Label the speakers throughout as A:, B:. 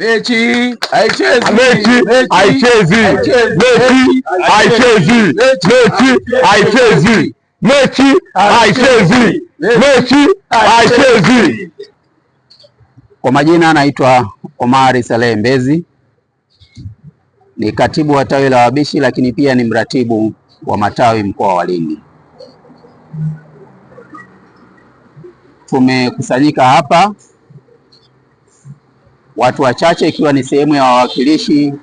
A: Mechi haichezi, mechi haichezi, mechi haichezi, mechi haichezi, mechi haichezi, mechi haichezi. Kwa majina anaitwa Omari Saleh Mbezi, ni katibu wa tawi la Wabishi, lakini pia ni mratibu wa matawi mkoa wa Lindi. Tumekusanyika hapa watu wachache, ikiwa ni sehemu ya wawakilishi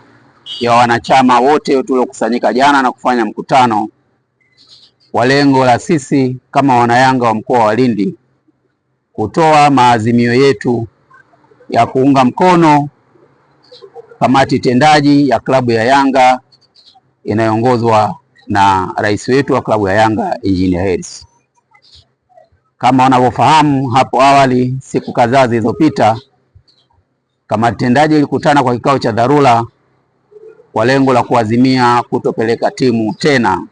A: ya wanachama wote tuliokusanyika jana na kufanya mkutano kwa lengo la sisi kama wanayanga wa mkoa wa Lindi kutoa maazimio yetu ya kuunga mkono kamati tendaji ya klabu ya Yanga inayoongozwa na rais wetu wa klabu ya Yanga Engineer Hersi. Kama wanavyofahamu, hapo awali siku kadhaa zilizopita Kamati tendaji ilikutana kwa kikao cha dharura kwa lengo la kuazimia kutopeleka timu tena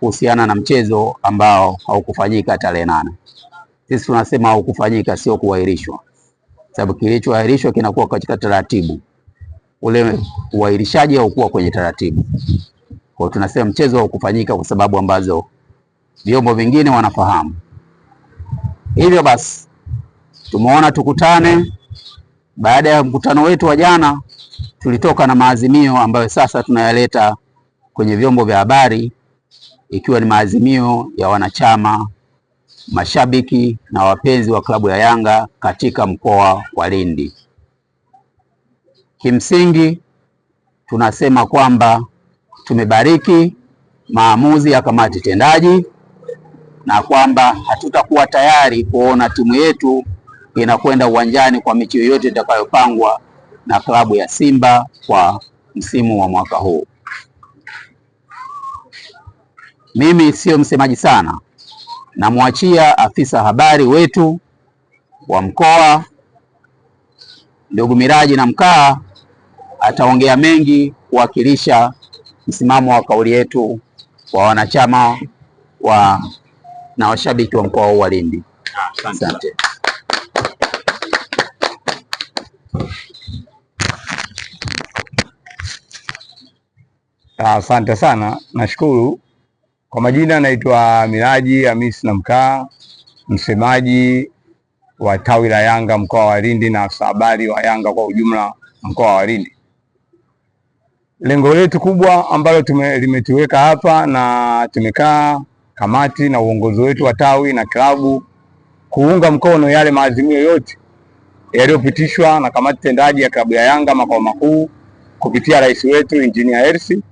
A: kuhusiana na mchezo ambao haukufanyika tarehe nane. Sisi tunasema haukufanyika, sio kuahirishwa, sababu kilichoahirishwa kinakuwa katika taratibu, ule uahirishaji haukuwa kwenye taratibu. Kwa tunasema mchezo haukufanyika kwa sababu ambazo vyombo vingine wanafahamu. Hivyo basi tumeona tukutane baada ya mkutano wetu wa jana, tulitoka na maazimio ambayo sasa tunayaleta kwenye vyombo vya habari, ikiwa ni maazimio ya wanachama, mashabiki na wapenzi wa klabu ya Yanga katika mkoa wa Lindi. Kimsingi tunasema kwamba tumebariki maamuzi ya kamati tendaji na kwamba hatutakuwa tayari kuona timu yetu inakwenda uwanjani kwa mechi yoyote itakayopangwa na klabu ya Simba kwa msimu wa mwaka huu. Mimi siyo msemaji sana, namwachia afisa habari wetu wa mkoa ndugu Miraji na Mkaa ataongea mengi kuwakilisha msimamo wa kauli yetu kwa wanachama wa na washabiki wa mkoa huu wa Lindi. Asante.
B: Ah, asante sana, nashukuru. Kwa majina naitwa Miraji na Namkaa, msemaji wa tawi la Yanga mkoa wa Lindi na afisa habari wa Yanga kwa ujumla mkoa wa Lindi. Lengo letu kubwa ambalo tume, limetuweka hapa na tumekaa kamati na uongozi wetu wa tawi na klabu kuunga mkono yale maazimio yote yaliyopitishwa na kamati tendaji ya klabu ya Yanga makao makuu kupitia rais wetu Injinia Hersi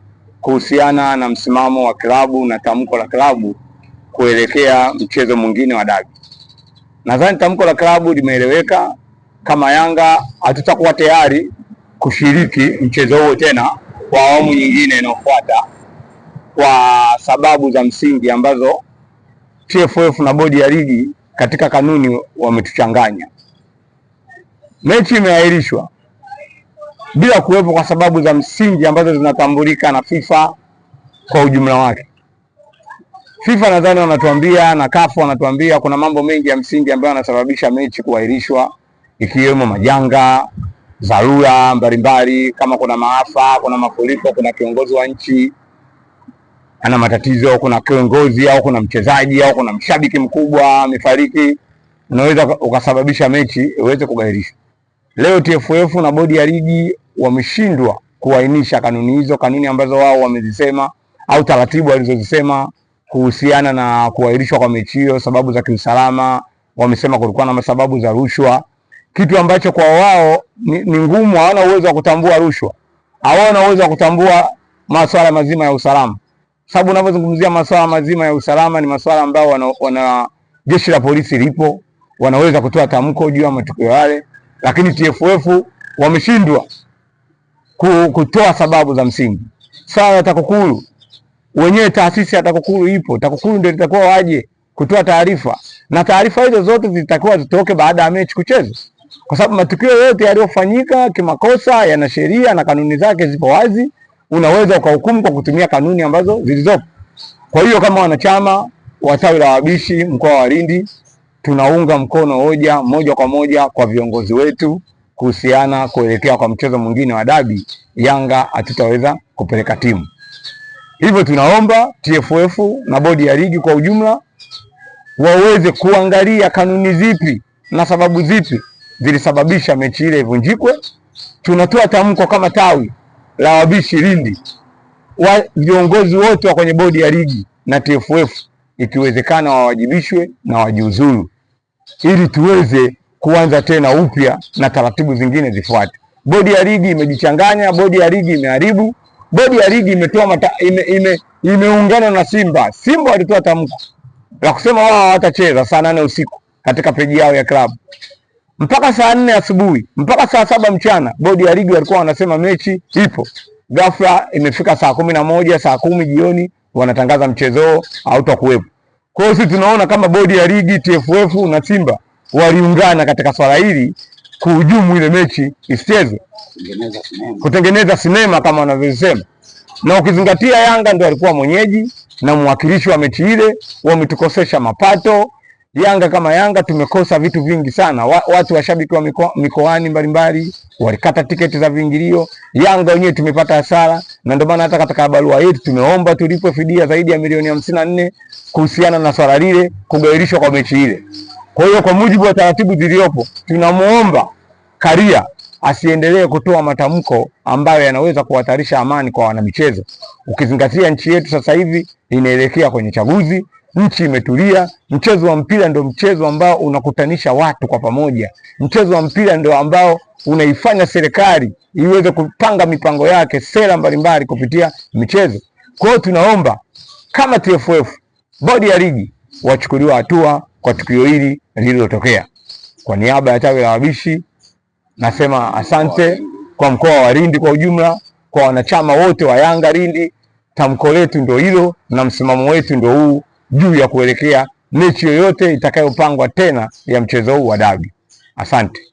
B: kuhusiana na msimamo wa klabu na tamko la klabu kuelekea mchezo mwingine wa dabi. Nadhani tamko la klabu limeeleweka. Kama Yanga hatutakuwa tayari kushiriki mchezo huo tena kwa awamu nyingine inayofuata kwa sababu za msingi ambazo TFF na bodi ya ligi katika kanuni wametuchanganya. Mechi imeahirishwa bila kuwepo kwa sababu za msingi ambazo zinatambulika na FIFA kwa ujumla wake. FIFA nadhani wanatuambia na CAF wanatuambia kuna mambo mengi ya msingi ambayo yanasababisha mechi kuahirishwa ikiwemo majanga, dharura mbalimbali, kama kuna maafa, kuna mafuriko, kuna kiongozi wa nchi ana matatizo, kuna kiongozi au kuna mchezaji au kuna mshabiki mkubwa amefariki, unaweza ukasababisha mechi iweze kugairishwa. Leo TFF na bodi ya ligi wameshindwa kuainisha kanuni hizo, kanuni ambazo wao wamezisema au taratibu walizozisema kuhusiana na kuahirishwa kwa mechi hiyo. Sababu za kiusalama wamesema kulikuwa na sababu za rushwa, kitu ambacho kwa wao ni, ni ngumu. Hawana uwezo wa kutambua rushwa, hawana uwezo wa kutambua masuala mazima ya usalama, sababu unavyozungumzia masuala mazima ya usalama ni masuala ambayo wana, wana jeshi la polisi lipo, wanaweza kutoa tamko juu ya matukio yale, lakini TFF wameshindwa kutoa sababu za msingi. Sawa ya TAKUKURU wenyewe, taasisi ya TAKUKURU ipo, TAKUKURU ndio itakuwa waje kutoa taarifa, na taarifa hizo zote zitakuwa zitoke baada ya mechi kuchezwa, kwa sababu matukio yote yaliyofanyika kimakosa yana sheria na kanuni zake zipo wazi. Unaweza ukahukumu kwa kutumia kanuni ambazo zilizopo. Kwa hiyo kama wanachama wa tawi la wabishi mkoa wa Lindi tunaunga mkono hoja moja kwa moja kwa viongozi wetu kuhusiana kuelekea kwa mchezo mwingine wa dabi, Yanga hatutaweza kupeleka timu. Hivyo tunaomba TFF na bodi ya ligi kwa ujumla waweze kuangalia kanuni zipi na sababu zipi zilisababisha mechi ile ivunjikwe. Tunatoa tamko kama tawi la wabishi Lindi wa viongozi wote wa kwenye bodi ya ligi na TFF, ikiwezekana wawajibishwe na wajiuzuru ili tuweze kuanza tena upya na taratibu zingine zifuate. Bodi ya ligi imejichanganya, bodi ya ligi imeharibu, bodi ya ligi imetoa mata, ime, ime, imeungana na Simba. Simba walitoa tamko la kusema wao hawatacheza saa nane usiku katika peji yao ya klabu mpaka saa nne asubuhi mpaka saa saba mchana, bodi ya ligi walikuwa wanasema mechi ipo. Ghafla imefika saa kumi na moja saa kumi jioni wanatangaza mchezo hautakuwepo. Kwa hiyo sisi tunaona kama bodi ya ligi, TFF na Simba waliungana katika swala hili kuhujumu ile mechi isichezwe, kutengeneza sinema kama wanavyosema. Na ukizingatia Yanga ndio alikuwa mwenyeji na mwakilishi wa mechi ile, wametukosesha mapato. Yanga kama Yanga tumekosa vitu vingi sana. Watu washabiki wa mikoani mbalimbali walikata tiketi za viingilio. Yanga wenyewe tumepata hasara, na ndio maana hata katika barua yetu tumeomba tulipwe fidia zaidi ya milioni hamsini na nne kuhusiana na swala lile, kugairishwa kwa mechi ile. Kwa hiyo kwa mujibu wa taratibu zilizopo, tunamwomba Karia asiendelee kutoa matamko ambayo yanaweza kuhatarisha amani kwa wanamichezo, ukizingatia nchi yetu sasa hivi inaelekea kwenye chaguzi, nchi imetulia. Mchezo wa mpira ndio mchezo ambao unakutanisha watu kwa pamoja. Mchezo wa mpira ndio ambao unaifanya serikali iweze kupanga mipango yake, sera mbalimbali kupitia michezo. Kwa hiyo tunaomba kama TFF, bodi ya ligi, wachukuliwa hatua kwa tukio hili lililotokea. Kwa niaba ya tawi la wabishi nasema asante kwa mkoa wa Lindi kwa ujumla, kwa wanachama wote wa Yanga Lindi. Tamko letu ndio hilo na msimamo wetu ndio huu juu ya kuelekea mechi yoyote itakayopangwa tena ya mchezo huu wa dabi. Asante.